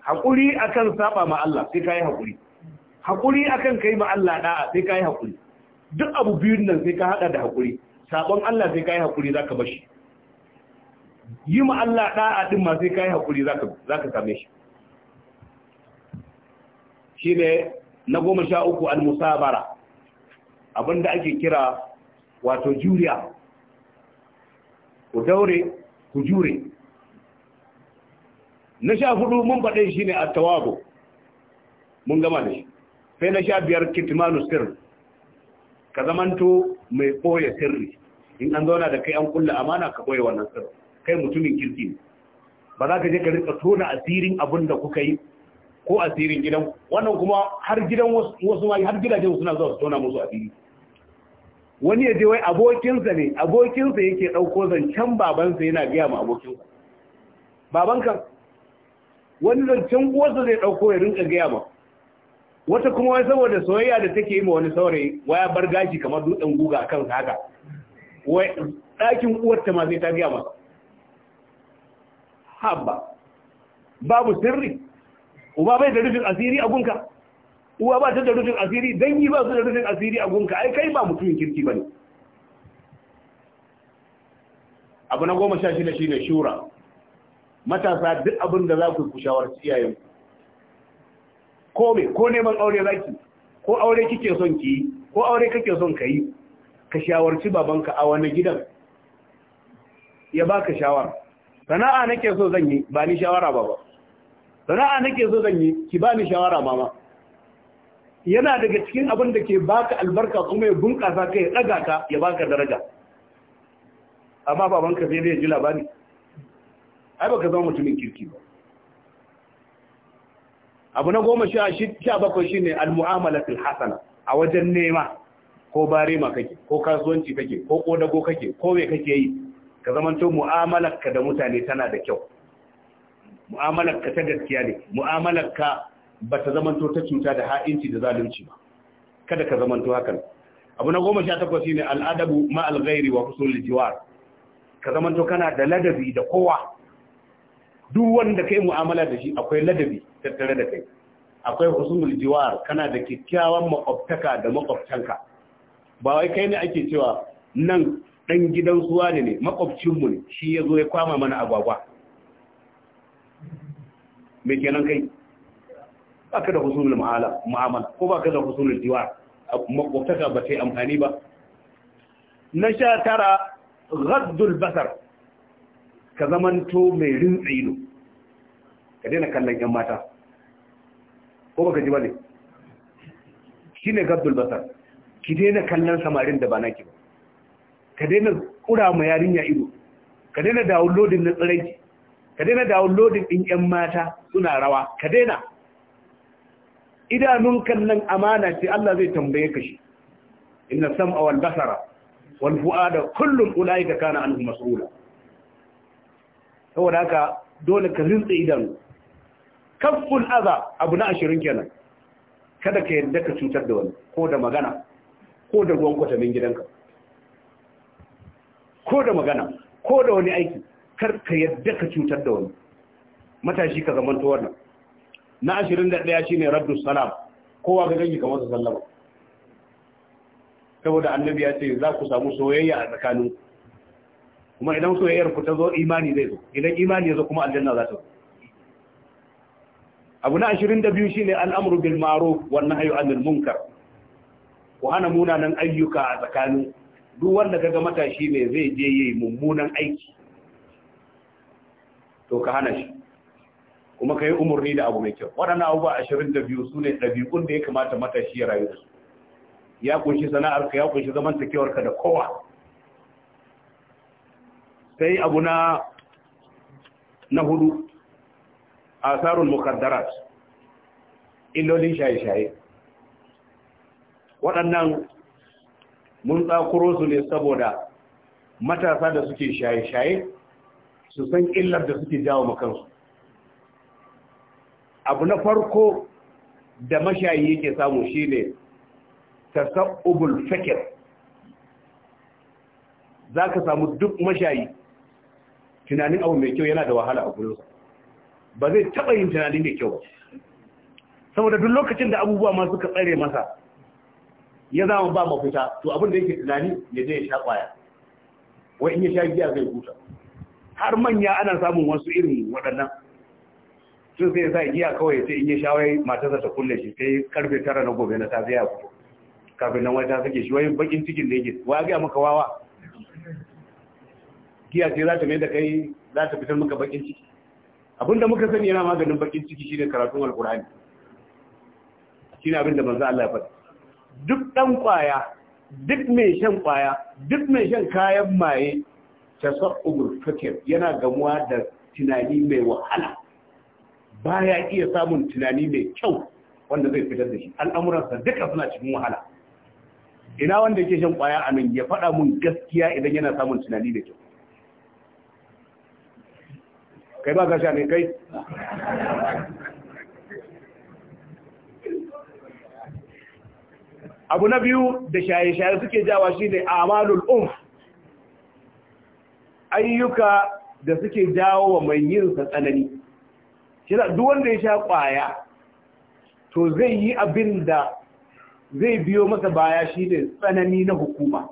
haƙuri akan saba ma Allah sai ka yi haƙuri haƙuri akan kai ma Allah ɗa'a sai ka yi haƙuri duk abu biyun nan sai ka hada da hakuri sabon Allah sai ka yi hakuri zaka bar shi yi ma Allah da'a din ma sai ka yi hakuri zaka zaka same shi Shi ne na goma sha uku al-musabara abinda ake kira wato juriya ku daure ku jure na sha hudu mun faɗe shi ne a tawago mun gama da shi sai na sha biyar kitmanu sirri ka zamanto mai ɓoye sirri in an zauna da kai an kulla amana ka ɓoye wannan sirri kai mutumin kirki ne ba za ka je ka rika tona asirin abin da kuka yi ko asirin gidan wannan kuma har gidan wasu mai har gidajen suna zuwa su tona musu asiri wani ya je wai abokinsa ne abokinsa yake ɗauko zancen babansa yana gaya ma abokinsa babanka wani zancen uwarsa zai ɗauko ya rinka gaya ma wata kuma wai saboda soyayya da take yi ma wani saurayi waya bar gashi kamar dutsen guga kan haka wai ɗakin uwarta ma sai ta gaya masa habba babu sirri uba bai da rufin asiri a gunka uwa ba ta da rufin asiri dangi ba su da rufin asiri a gunka ai kai ba mutumin kirki ba ne abu na goma sha shi ne shura matasa duk abin da za ku ku shawarci iyayenku ko mai ko neman aure zaki ko aure kike son ki ko aure kake son kai ka shawarci babanka a wani gidan ya baka shawara sana'a nake so zan yi ba ni shawara ba ba. sana'a nake so zan yi ki ba ni shawara mama yana daga cikin abin da ke baka albarka kuma ya bunƙasa ka ya ɗaga ka ya baka daraja amma babanka sai zai ji labari ai baka zama mutumin kirki ba abu na goma sha bakwai shi ne al-mu'amalatul hasana a wajen nema ko barema kake ko kasuwanci kake ko kodago kake ko mai kake yi ka zamanto mu'amalarka da mutane tana da kyau mu'amalarka ta gaskiya ne mu'amalarka ba ta zamanto ta cuta da ha'inci da zalunci ba kada ka zamanto hakan abu na goma sha takwas shine al'adabu ma al wa husnul jiwar ka zamanto kana da ladabi da kowa duk wanda kai mu'amala da shi akwai ladabi tattare da kai akwai husnul jiwar kana da kyakkyawan makwabtaka da makwabtanka ba wai kai ne ake cewa nan dan gidan suwa ne ne mu ne shi ya zo ya kwama mana agwagwa me kenan kai baka da husnul mu'ala mu'amala ko baka da husnul jiwar makwabtaka ba sai amfani ba na sha tara ghaddul basar ka zamanto mai rintsa ido ka daina kallon yan mata ko baka ji bane shine gabdul basar ki daina kallon samarin da ba naki ba ka daina kura ma yarinya ido ka daina downloading na tsirai ka daina downloading din yan mata suna rawa ka daina idanun kallon amana ce Allah zai tambaye ka shi inna sam'a wal basara wal fu'ada kullun ulaika kana anhu mas'ula saboda haka dole ka rintsa idanu kafful aza abu na ashirin kenan kada ka yadda ka cutar da wani ko da magana ko da ruwan kwatamin gidanka ko da magana ko da wani aiki kar ka yadda ka cutar da wani matashi ka zamanta wannan na ashirin da ɗaya shine raddu salam kowa ga gani kamar su sallama saboda annabi ya ce za ku samu soyayya a tsakanin kuma idan soyayyar ku ta zo imani zai zo idan imani ya zo kuma aljanna za ta zo abu na ashirin da biyu shine al'amru bil bilmaro wannan nahyu 'anil munkar ku hana munanan ayyuka a tsakanin duk wanda ga matashi ne zai je yi mummunan aiki to ka hana shi kuma ka yi umarni da abu mai kyau waɗannan abubuwa su ne ɗabi'un da ya kamata matashi ya rayu ya kunshi sana'arka ya kunshi zamantakewarka da kowa sai abu na na hudu asarul mukaddarat illolin shaye-shaye waɗannan mun tsakuro ne saboda matasa da suke shaye-shaye su san illar da suke jawo makansu abu na farko da mashayi yake samu shine tasabubul fakir za ka samu duk mashayi tunanin abu mai kyau yana da wahala a gurinsa ba zai taɓa yin tunani mai kyau ba saboda duk lokacin da abubuwa ma suka tsare masa ya zama ba mafita to abin da yake tunani ya zai sha kwaya wai in ya sha giya zai huta har manya ana samun wasu irin waɗannan sun sai sa giya kawai sai in ya sha wai matarsa ta kulle shi sai karfe tara na gobe na ta ya fito kafin nan wata sake shi wai bakin cikin da yake wa ga maka wawa giya sai za ta mai da kai za ta fitar maka bakin ciki abinda muka sani yana maganin bakin ciki shine karatun alkur'ani shine abinda manzo Allah ya faɗa duk dan kwaya duk mai shan kwaya duk mai shan kayan maye tasawwur fikir yana gamuwa da tunani mai wahala baya iya samun tunani mai kyau wanda zai fitar da shi al'amuransa duka suna cikin wahala ina wanda yake shan kwaya anan ya faɗa mun gaskiya idan yana samun tunani da kyau kai ba gasha ne kai abu na biyu da shaye-shaye suke jawa shi ne amalul um ayyuka da suke jawo wa mai yin tsanani shi da duk wanda ya sha kwaya to zai yi abin da zai biyo masa baya shi ne tsanani na hukuma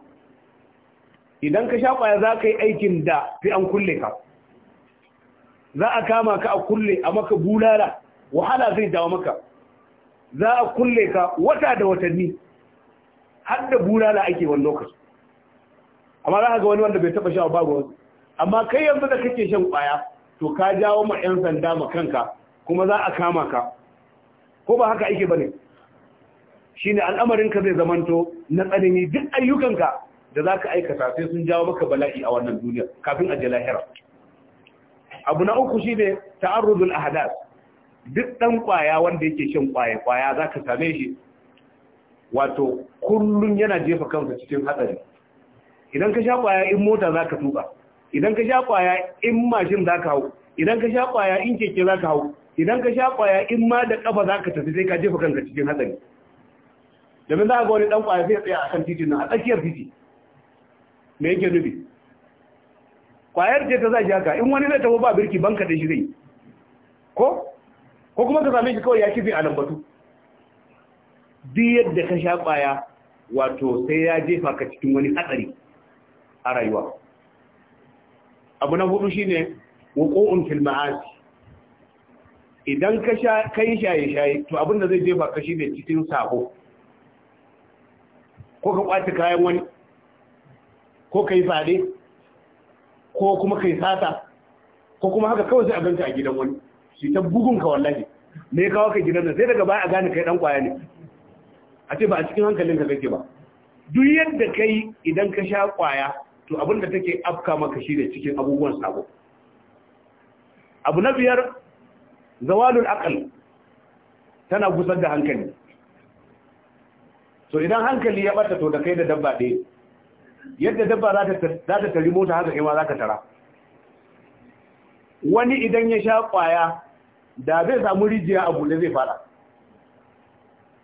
idan ka sha kwaya za ka yi aikin da fi an kulle ka za a kama ka a kulle a maka bulala wahala zai dawo maka za a kulle ka wata da watanni har da bulala ake wani lokaci amma za ka ga wani wanda bai taba sha ba wani amma kai yanzu da kake shan kwaya to ka jawo ma 'yan sanda ma kanka kuma za a kama ka ko ba haka ake bane shine al'amarinka zai zamanto na tsanani duk ayyukanka da za ka aikata sai sun jawo maka bala'i a wannan duniya kafin a je lahira abu na uku shi ne ta'arrudul ahdath duk dan kwaya wanda yake shan kwaya kwaya zaka same shi wato kullun yana jefa kansa cikin hatsari idan ka sha kwaya in mota zaka tuka idan ka sha kwaya in mashin zaka hau idan ka sha kwaya in keke zaka hau idan ka sha kwaya in ma da kafa zaka tafi sai ka jefa kanka cikin hatsari domin za ga wani dan kwaya sai ya tsaya akan titin na, a tsakiyar titi me yake nufi kwayar ce ta sa haka in wani zai tabo ba birki banka da shi zai ko ko kuma ka same shi kawai ya kifi a lambatu duk yadda ka sha kwaya wato sai ya jefa ka cikin wani hatsari a rayuwa abu na hudu shi ne wuƙo'un ma'asi idan ka sha kai shaye shaye to abin da zai jefa ka shi ne cikin sako ko ka kwata kayan wani ko ka yi fade ko kuma kai sata ko kuma haka kawai sai a a gidan wani shi ta bugun ka wallahi me ya kawo ka gidan nan sai daga baya a gane kai dan kwaya ne a ce ba a cikin hankalin ka kake ba duk yadda kai idan ka sha kwaya to abin da take afka maka shi ne cikin abubuwan sabo abu na biyar zawalul aqal tana gusar da hankali to idan hankali ya bata to da kai da dabba ɗaya yadda dabba za ta tari mota haka ima za ka tara wani idan ya sha kwaya da zai samu rijiya a buɗe zai fara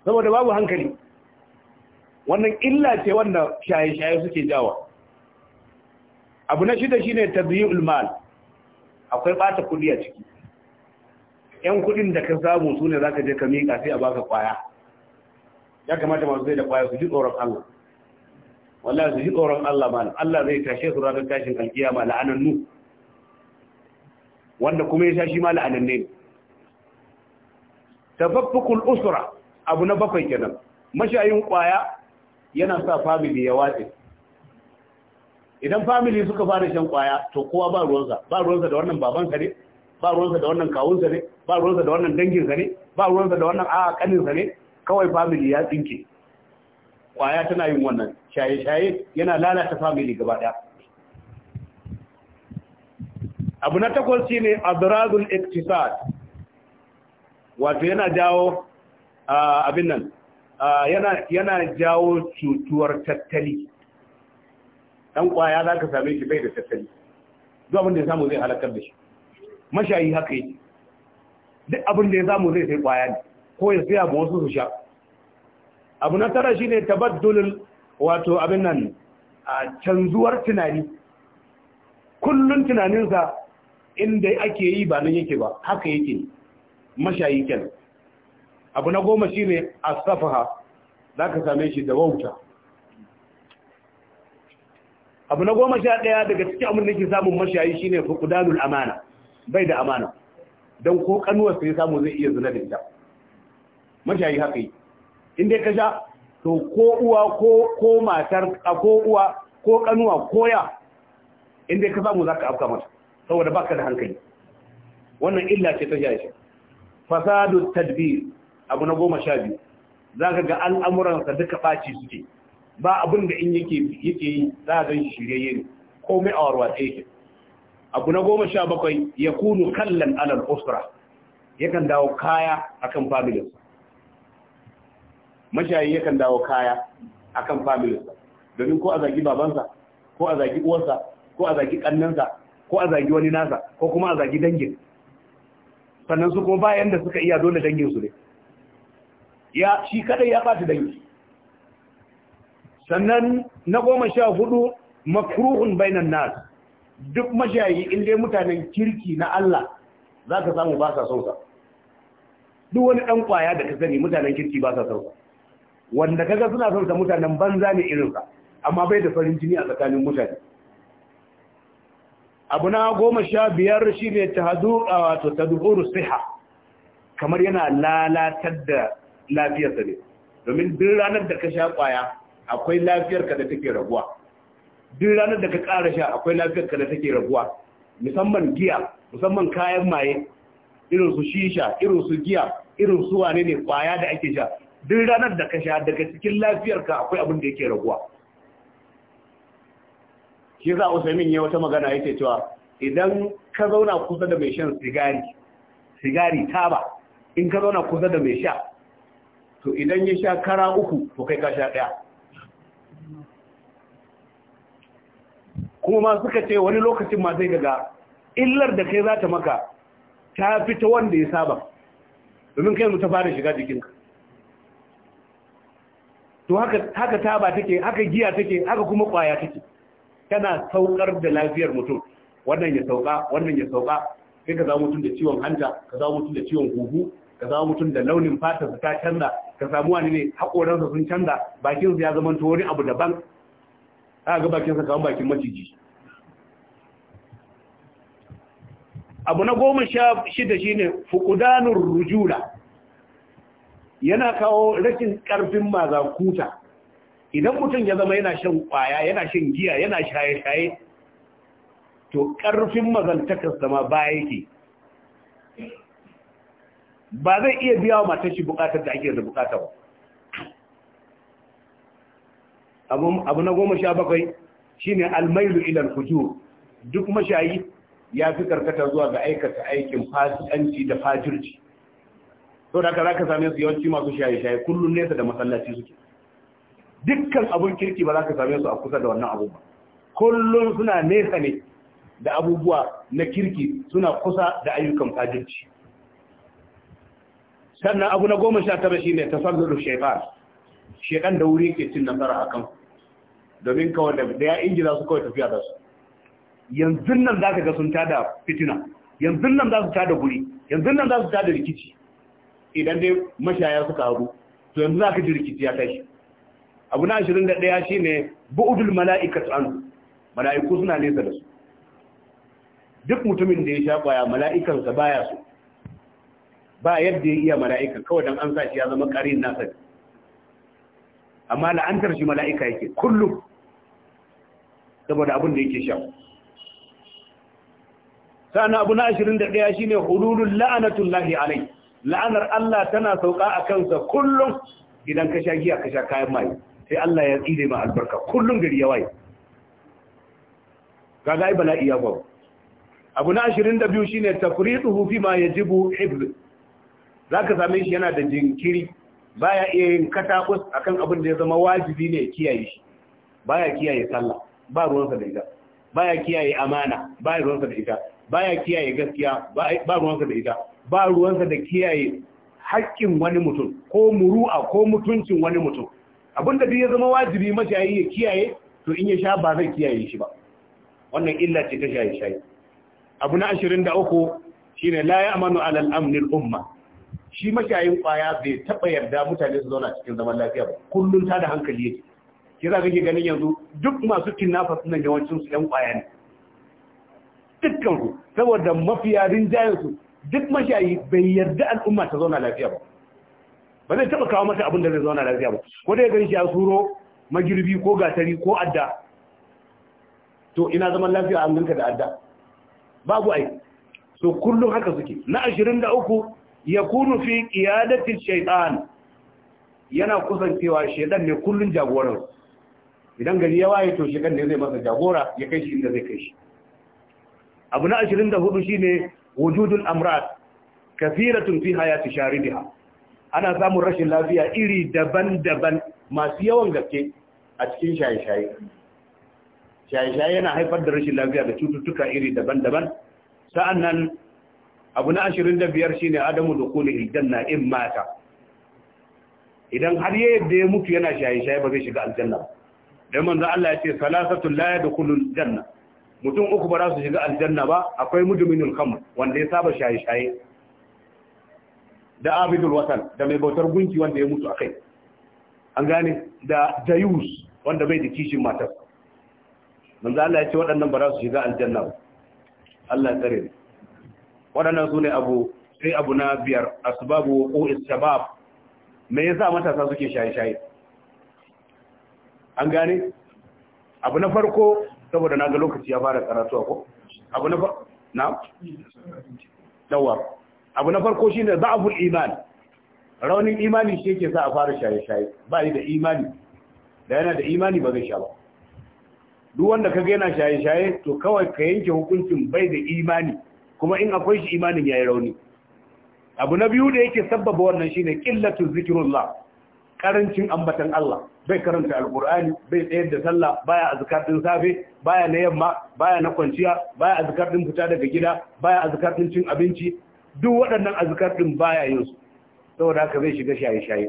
saboda babu hankali wannan illa ce wanda shaye-shaye suke jawa abu na shida shine tabiyi ulmal akwai bata kudi a ciki yan kudin da ka samu su ne za ka je ka miƙa sai a baka kwaya ya kamata masu zai da kwaya su ji tsoron allah wallahi su ji tsoron Allah ma Allah zai tashe su ranar tashin alkiyama la'anannu wanda kuma ya sha shi ma la'ananne tafaffukul usra abu na bakwai kenan mashayin kwaya yana sa family ya watse idan family suka fara shan kwaya to kowa ba ruwansa ba ruwansa da wannan babansa ne ba ruwansa da wannan kawunsa ne ba ruwansa da wannan danginsa ne ba ruwansa da wannan a kaninsa ne kawai family ya tsinke kwaya tana yin wannan shaye-shaye yana lalata family gaba daya abu na takwas shi ne adrazul iktisad wato yana jawo abin nan yana jawo cutuwar tattali ɗan kwaya za ka same shi bai da tattali duk abin da ya samu zai halakar da shi mashayi haka yi duk abin da ya samu zai sai kwaya ne ko ya siya ba wasu su sha abu na tara shi ne tabaddulul wato abin nan canzuwar tunani kullun tunaninsa inda ake yi ba nan yake ba haka yake mashayi kenan abu na goma shi safaha asafaha ka same shi da wauta abu na goma sha ɗaya daga cikin abin da ke samun mashayi shi ne fukudanul amana bai da amana don ko kanuwar sai samu zai iya zina da ita mashayi haka yi in dai ka sha to ko uwa ko matar ko uwa ko kanuwa koya, in dai ka samu za ka afka mata saboda baka da hankali wannan illa ce ta jaye fasadu tadbir abu na goma sha biyu za ka ga al'amuransa duka ɓaci suke ba abin da in yake yi za a ganshi shiryayye ne komai a abu na goma sha bakwai ya kunu kallon alal usra yakan dawo kaya akan familinsa mashayi yakan dawo kaya a kan familinsa domin ko a zagi babansa ko a zagi uwarsa ko a zagi kannansa ko a zagi wani nasa ko kuma a zagi dangin sannan su kuma bayan da suka iya dole dangin su ne ya shi kadai ya bata dangi sannan na goma sha hudu makruhun bainan nas duk mashayi in dai mutanen kirki na Allah za ka samu ba sa sauka duk wani dan kwaya da ka sani mutanen kirki ba sa sauka wanda kaga suna son ta mutanen banza ne irinka, amma bai da farin jini a tsakanin mutane abu na goma sha biyar shi ne ta ta duhuru siha kamar yana lalatar da lafiyarsa ne domin duk ranar da ka sha kwaya akwai lafiyarka da take raguwa duk ranar da ka ƙara sha akwai lafiyarka da take raguwa musamman giya musamman kayan maye irin su shisha irin su giya irin su wane ne kwaya da ake sha duk ranar da ka sha daga cikin lafiyarka akwai abin da yake raguwa shi za usamin ya wata magana yake cewa idan ka zauna kusa da mai shan sigari sigari taba in ka zauna kusa da mai sha to idan ya sha kara uku to kai ka sha daya kuma suka ce wani lokacin ma zai gaga illar da kai za ta maka ta fita wanda ya saba domin kai mu ta fara shiga jikinka to haka haka taba take haka giya take haka kuma kwaya take tana saukar da lafiyar mutum wannan ya sauka wannan ya sauka sai ka samu mutum da ciwon hanta ka samu mutum da ciwon huhu ka samu mutum da launin fatar ta canza ka samu wani ne sa sun canza bakin ya zama to wani abu daban aka ga bakin sa bakin maciji abu na goma sha shida shine fuqdanur rujula yana kawo rashin ƙarfin kuta. idan mutum ya zama yana shan kwaya yana shan giya yana shaye-shaye to ƙarfin mazantakarsa ma ba yake ba zai iya biya wa matashi bukatar da ake da bukata ba abu na goma sha bakwai shine almailu ilar kujo duk mashayi ya fi karkata zuwa ga aikata aikin fasikanci da fajirci to da za ka same su yawanci masu shaye-shaye kullum nesa da masallaci suke dukkan abun kirki ba za ka same su a kusa da wannan abubuwa. kullum suna nesa ne da abubuwa na kirki suna kusa da ayyukan fajirci sannan abu na goma sha tara shine tasallu shaytan shaytan da wuri yake cin nasara akan domin kawai da ya injira su kawai tafiya da su yanzu nan za ka ga sun tada fitina yanzu nan za su tada guri yanzu nan za su tada rikici idan dai mashaya suka hagu to yanzu za ka ji rikici ya tashi abu na 21 shine bu'udul mala'ikatu an mala'iku suna nesa da su duk mutumin da ya sha kwaya mala'ikansa baya so ba yadda ya iya mala'ika kawai dan an sa shi ya zama karin nasa amma la'antar shi mala'ika yake kullum saboda abin da yake sha sana abu na 21 shine hululul la'natullahi alayhi la'anar Allah tana sauka a kansa kullum idan ka sha giya ka sha kayan maye sai Allah ya tsire ma albarka kullum gari ya waye Ga-ga, ai bala'i ya ba abu na 22 shine tafriduhu fi ma yajibu Za zaka same shi yana da jinkiri baya iya yin katakus akan abin da ya zama wajibi ne ya kiyaye shi baya kiyaye sallah ba ruwansa da ita baya kiyaye amana ba ruwansa da ita baya kiyaye gaskiya ba ruwansa da ita ba ruwansa da kiyaye haƙƙin wani mutum ko muru'a ko mutuncin wani mutum abinda duk ya zama wajibi mashayi ya kiyaye to in ya sha ba zai kiyaye shi ba wannan illa ce ta shaye shaye abu na 23 shine la ya'manu 'ala al-amn al-umma shi mashayin kwaya bai taba yarda mutane su zauna cikin zaman lafiya ba kullun ta da hankali yake kira kake ganin yanzu duk masu kinnafa sunan yawancin su ɗan kwaya ne dukkan su saboda mafiya rinjayen su duk mashayi bai yarda al'umma ta zauna lafiya ba ba zai taba kawo mata abin da zai zauna lafiya ba ko dai gani shi a suro magirbi ko gatari ko adda to ina zaman lafiya a ganka da adda babu ai so kullum haka suke na 23 yakunu fi qiyadati shaytan yana kusantewa shaytan ne kullun jagoran idan gari ya waye to shedan ne zai masa jagora ya kai shi inda zai kai shi abu na 24 shine wujudul amrat kathiratun fi hayati sharidiha ana samun rashin lafiya iri daban-daban masu yawan gaske a cikin shaye-shaye shaye-shaye yana haifar da rashin lafiya da cututtuka iri daban-daban sa'annan abu na 25 shine adamu dukhulil janna in mata idan har ya yadda ya mutu yana shaye-shaye ba zai shiga aljanna ba don manzo Allah ya ce salasatul la yadkhulul janna mutum uku ba za su shiga aljanna ba akwai mujminul kama wanda ya saba shaye-shaye da abidul watan da mai bautar gunki wanda ya mutu akai an gane da dayus wanda bai da kishin matar manzo Allah ya ce waɗannan ba za su shiga aljanna ba Allah ya tsare waɗannan sune abu sai abu na biyar asbabu ko shabab me yasa matasa suke shaye-shaye an gane abu na farko saboda na ga lokaci ya fara karatuwa ko abu na na dawa abu na farko shine da'ful iman raunin imani shi yake sa a fara shaye-shaye ba da imani da yana da imani ba zai sha ba duk wanda kaga yana shaye-shaye to kawai ka yanke hukuncin bai da imani kuma in akwai shi imanin yayi rauni abu na biyu da yake sabbaba wannan shine qillatu zikrullah karancin ambatan Allah bai karanta alkur'ani bai tsayar da sallah baya azkar din safe baya na yamma baya na kwanciya baya azkar din fita daga gida baya azkar din cin abinci duk waɗannan azkar din baya yin su saboda haka zai shiga shaye-shaye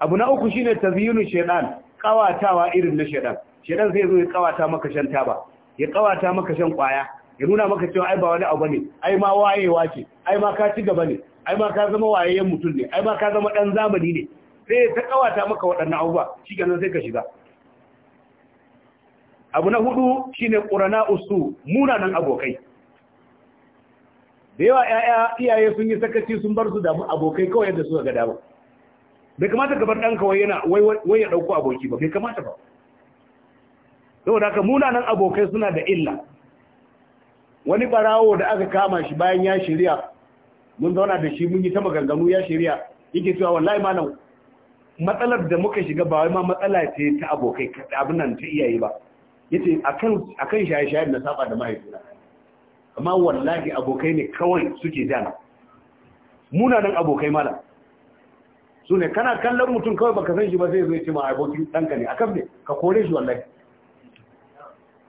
abu na uku shine tazyinu shaytan kawatawa irin na shaytan shaytan zai zo ya kawata maka shan taba ya kawata maka shan kwaya ya nuna maka cewa ai ba wani abu ne ai ma wayewa ce ai ma ka ci gaba ne ai ba ka zama wayayyen mutum ne ai ba ka zama dan zamani ne sai ta kawata maka waɗannan abubuwa shikenan sai ka shiga abu na hudu shine qurana usu munanan abokai da yawa ‘ya'ya iyaye sun yi sakaci sun bar su da abokai kawai yadda suka ga ba bai kamata ka bar danka wai yana wai ya dauko aboki ba bai kamata ba saboda haka munanan abokai suna da illa wani ɓarawo da aka kama shi bayan ya shirya mun zauna da shi mun yi ta maganganu ya shirya yake cewa wallahi malam matsalar da muka shiga ba wai ma matsala ce ta abokai abin nan ta iyaye ba yace akan akan shaye shaye na saba da mahaifina amma wallahi abokai ne kawai suke jana munanan abokai malam su ne kana kallon mutum kawai baka san shi ba sai ya ce ma abokin ɗanka ne akan ne ka kore shi wallahi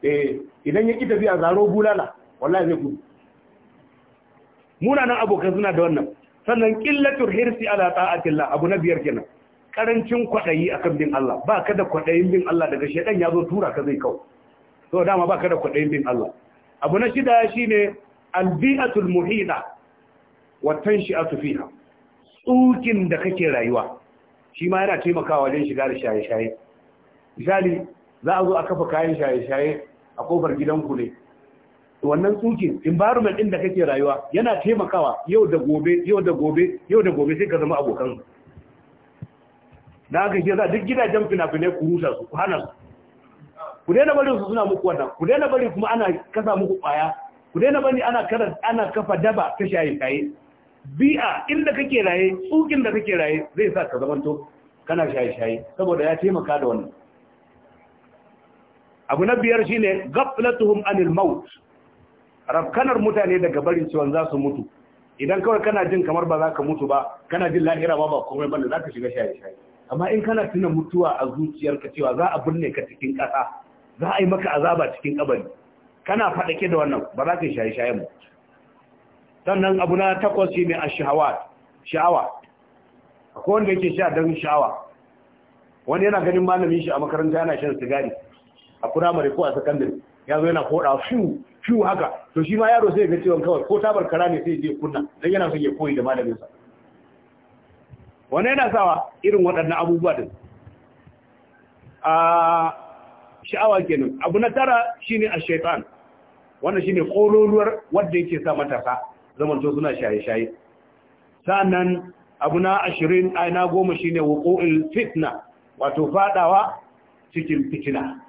eh idan ya ki tafiya zaro bulala wallahi zai gudu munanan abokan suna da wannan sannan qillatul hirsi ala ta'atillah abu na biyar kenan karancin kwadayi akan bin Allah ba ka da kwadayin bin Allah daga shedan ya zo tura ka zai kawo to dama ba ka da kwadayin bin Allah abu na shida shine albi'atul muhida wa tanshi'atu fiha tsukin da kake rayuwa shi ma yana taimakawa wajen shiga da shaye-shaye misali za a zo a kafa kayan shaye-shaye a kofar gidanku ne wannan tsukin environment din da kake rayuwa yana taimakawa yau da gobe yau da gobe yau da gobe sai ka zama abokan da aka shi za duk gidajen fina-finai ku rusa su ku hana su ku daina bari su suna muku wannan ku daina bari kuma ana kasa muku kwaya ku daina bari ana kara ana kafa daba ta shayin kaye bi'a inda kake raye tsukin da kake raye zai sa ka zamanto kana shaye-shaye saboda ya taimaka da wannan abu na biyar shine gaflatuhum anil maut rafkanar mutane daga barin ciwon za su mutu idan kawai kana jin kamar ba za ka mutu ba kana jin lahira ba ba komai ba za ka shiga shaye shaye amma in kana tuna mutuwa a zuciyarka cewa za a binne ka cikin ƙasa za a yi maka azaba cikin kabari kana faɗake da wannan ba za ka yi shaye shaye mu sannan abu na takwas shi ne a sha'awa akwai wanda yake sha don sha'awa wani yana ganin malamin shi a makaranta yana shan sigari a firamare ko a sakandare ya zo yana koɗa fiw fiw haka to shi ma yaro sai ga cewa kawai ko tabar kara ne sai je kunna dan yana son ya koyi da malamin sa wannan yana sawa irin waɗannan abubuwa din a sha'awa kenan abu na tara shine ash-shaytan wannan shine kololuwar wanda yake sa matasa to suna shaye-shaye sannan abu na ashirin na goma shine wuqul fitna wato fadawa cikin fitina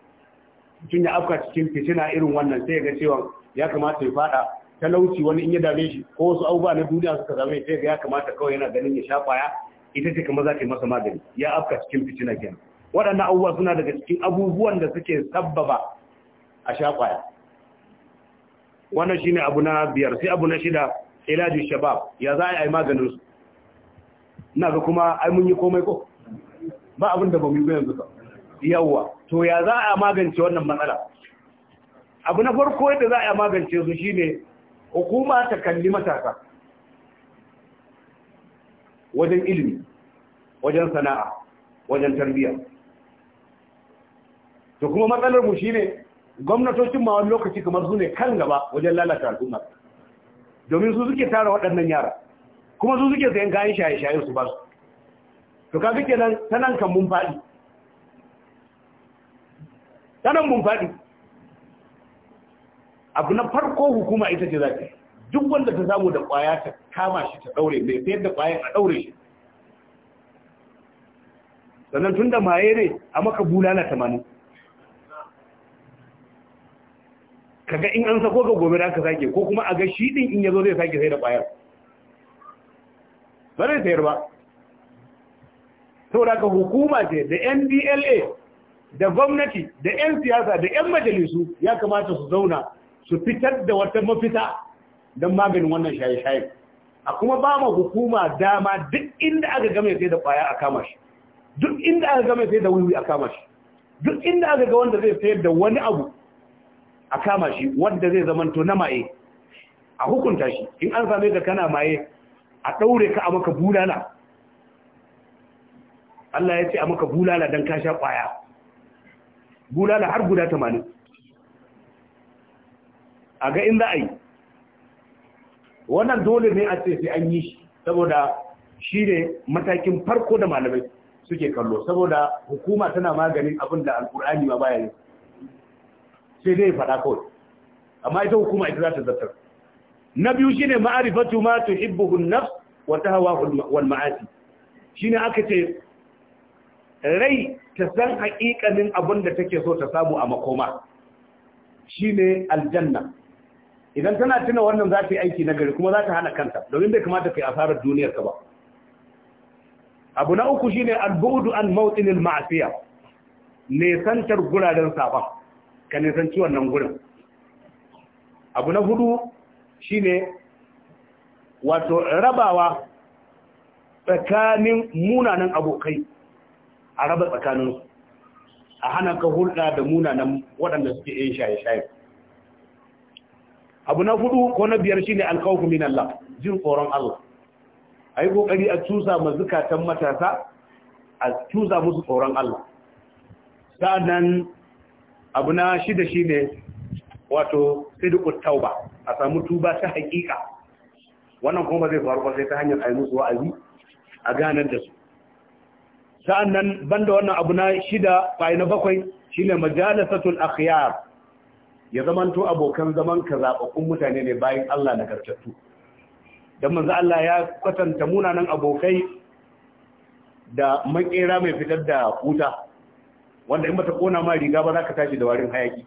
cikin ya afka cikin fitina irin wannan sai ga cewa ya kamata ya fada talauci wani in ya dame shi ko wasu abubuwa na duniya suka zame sai ga ya kamata kawai yana ganin ya sha ya ita ce kamar za ta yi masa magani ya afka cikin fitina kenan waɗannan abubuwa suna daga cikin abubuwan da suke sabbaba a sha kwaya wannan shine abu na biyar sai abu na shida ilaji shabab ya za a yi maganin su ina ga kuma ai mun yi komai ko ba abin ba mu yi yanzu ba yawwa to ya za a magance wannan matsala abu na farko yadda za a magance su shine hukuma ta kalli matasa wajen ilimi wajen sana'a wajen tarbiyya to kuma matsalar mu shine gwamnatocin ma wani lokaci kamar su ne kan gaba wajen lalata al'umma domin su suke tara waɗannan yara kuma su suke sayan kayan shaye-shaye su ba su to kaga kenan ta nan kan mun faɗi sanan mun faɗi abu na farko hukuma ita ce zafi duk wanda ta samu da ƙwaya ta kama shi ta ɗaure mai sayar da ƙwayan a ɗaure shi sannan tun da maye ne a maka bulala tamanin kaga in an sako ga gobe da ka sake ko kuma a ga shi ɗin in yazo zai sake sai da ƙwayar ba zai sayar ba saboda ka hukuma ce da ndla da gwamnati da 'yan siyasa da 'yan majalisu ya kamata su zauna su fitar da wata mafita don maganin wannan shaye-shaye a kuma ba ma hukuma dama duk inda aka game sai da kwaya a kama shi duk inda aka game sai da wuri a kama shi duk inda aka ga wanda zai sayar da wani abu a kama shi wanda zai to na maye a hukunta shi in an same ka kana maye a ɗaure ka a maka bulala Allah ya ce a maka bulala don ka sha kwaya bulala har guda tamanin a ga in za a yi wannan dole ne a ce sai an yi shi saboda shi ne matakin farko da malamai suke kallo saboda hukuma tana maganin abin da alkur'ani ma baya yi sai dai faɗa kawai amma ita hukuma ita za ta zartar na biyu shine ma'arifatu ma tuhibbuhu an-nafs wa tahawahu wal ma'asi shine aka ce rai ta san haƙiƙanin abin da take so ta samu a makoma shine aljanna idan tana tuna wannan za ta yi aiki na gari kuma za ta hana kanta domin bai kamata yi asarar duniyar ka ba abu na uku shine albudu an mautsinin ma'asiya nesantar guraren saban ka nesanci wannan gurin abu na hudu shine wato rabawa tsakanin munanan abokai a raba tsakaninsu a hana ka hulɗa da munanan waɗanda suke yin shaye-shaye abu na hudu ko na biyar shine alkhawfu min Allah jin tsoron Allah ayi kokari a tusa ma zukatan matasa a tusa musu tsoron Allah nan abu na shida shine wato sidqut tauba a samu tuba ta hakika wannan kuma zai faru ba sai ta hanyar ayi musu wa'azi a ganar da su sa'annan banda wannan abu na shida fa’i na bakwai shine majalisatul akhyar ya zamanto abokan zaman ka mutane ne bayan Allah na gartattu dan manzo Allah ya kwatanta munanan abokai da makera mai fitar da huta wanda in bata kona ma riga ba za ka tashi da warin hayaki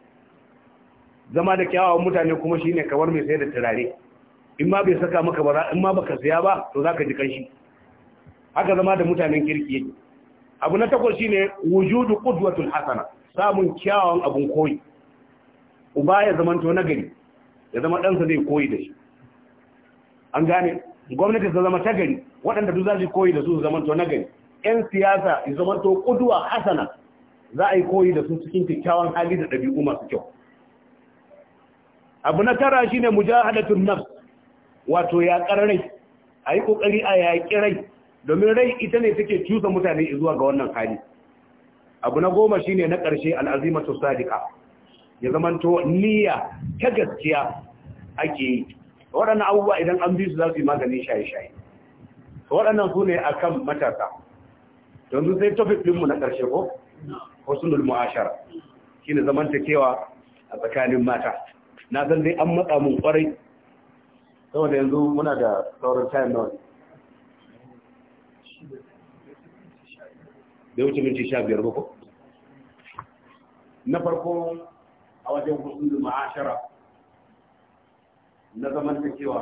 zama da kyawawan mutane kuma shine kamar mai sayar da turare in ma bai saka maka ba in ma baka siya ba to zaka ji kanshi haka zama da mutanen kirki yake abu na takwas shine wujudu qudwatul hasana samun kyawun abun koyi uba ya zamanto nagari ya zama ɗansa zai koyi da shi an gane gwamnati ta zama tagari waɗanda duk za su koyi da su su zamanto nagari 'yan siyasa su zamanto kuduwa hasana za a yi koyi da su cikin kyakkyawan hali da ɗabi'u masu kyau abu na tara shine mujahadatun nafs wato ya ƙarai a yi ƙoƙari a yaƙi rai domin rai ita ne take cusa mutane zuwa ga wannan hali abu na goma shine na ƙarshe al'azimatu sadiqa ya zamanto niyya ta gaskiya ake yi waɗannan abubuwa idan an bi su za su yi maganin shaye-shaye waɗannan su ne kan matasa yanzu sai topic ɗinmu na ƙarshe ko husnul mu'ashara shine zamantakewa a tsakanin mata na san dai an matsa mun kwarai saboda yanzu muna da sauran time na bai wuce minti sha biyar ba na farko a wajen husnul ma'ashara na zamantakewa.